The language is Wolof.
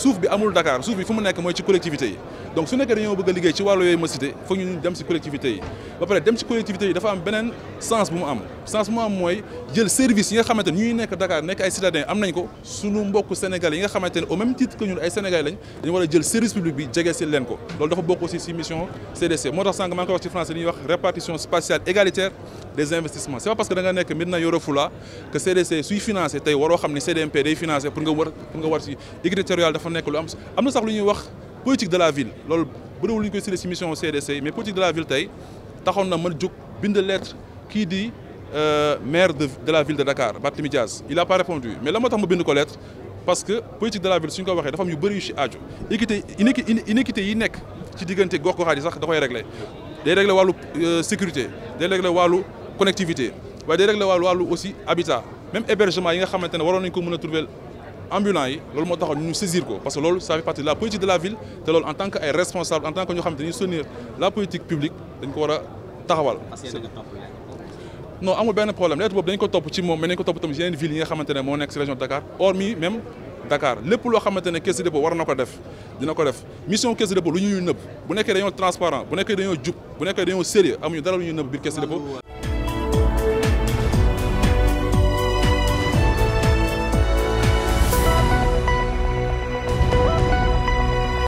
suuf bi amul Dakar suuf bi fu mu nekk mooy ci collectivité donc su nekkee dañoo bëgg a liggéey ci wàllu yooyu ma cité foog ñu dem si collectivité yi ba pare dem ci collectivité yi dafa am beneen sens bu mu am sens bu mu am mooy jël service yi nga xamante ne ñuy nekk Dakar nekk ay citadins am nañ ko sunu mbokk Sénégal yi nga xamante ne au même titre que ñun ay Sénégalais lañ dañu war a jël service public bi jege si leen ko loolu dafa bokk aussi si mission CDC moo tax sànq maa ngi koy wax ci français dañuy wax répartition spatiale égalitaire des investissements c'est pas parce que da nga nekk midna Yoro Fula que CDC suy financé tey waroo xam ne CDMP day financé pour nga war pour nga war si équité territoriale dafa nekk lu am am na sax lu ñuy wax politique de la ville Lol, bëriwul ñu koy siré si mission CDC mais politique de la ville t'as taxoon na ma jóg bind lettre kii di euh, maire de de la ville de Dakar Baptiste Diaz il a pas répondu mais la moi t'as ma bind ko lettre parce que politique de la ville suñ ko waxee dafa am yu bëri yu ci aaju équité inéquité yi nekk ci diggante gox goxaat yi sax da koy régler day régler wàllu euh, sécurité day régler wàllu connectivité des règles régler wàllu aussi habitat même hébergement yi nga xamante ne waroon nañ ko mën trouver ambulants yi loolu moo taxoon ñu saisir ko parce que loolu ça fait partie de la politique de la ville té loolu en tant que ay responsable en tant que ñu xam ne dañuy soutenir la politique publique dañ ko wara taxawal. non amul benn problème lettre boobu dañ ko topp ci moom mais dañ ko topp tamit yeneen villes yi nga xamante ne moo nekk si région de Dakar hormis même Dakar lépp loo xamante ne caisse de dépôt war na ko def dina ko def mission caisse de dépôt lu ñuy nëbb bu nekkee dañoo transparent bu nekkee dañoo jub bu nekkee dañoo sérieux amuñu dara lu ñuy nëbb biir caisse de dépôt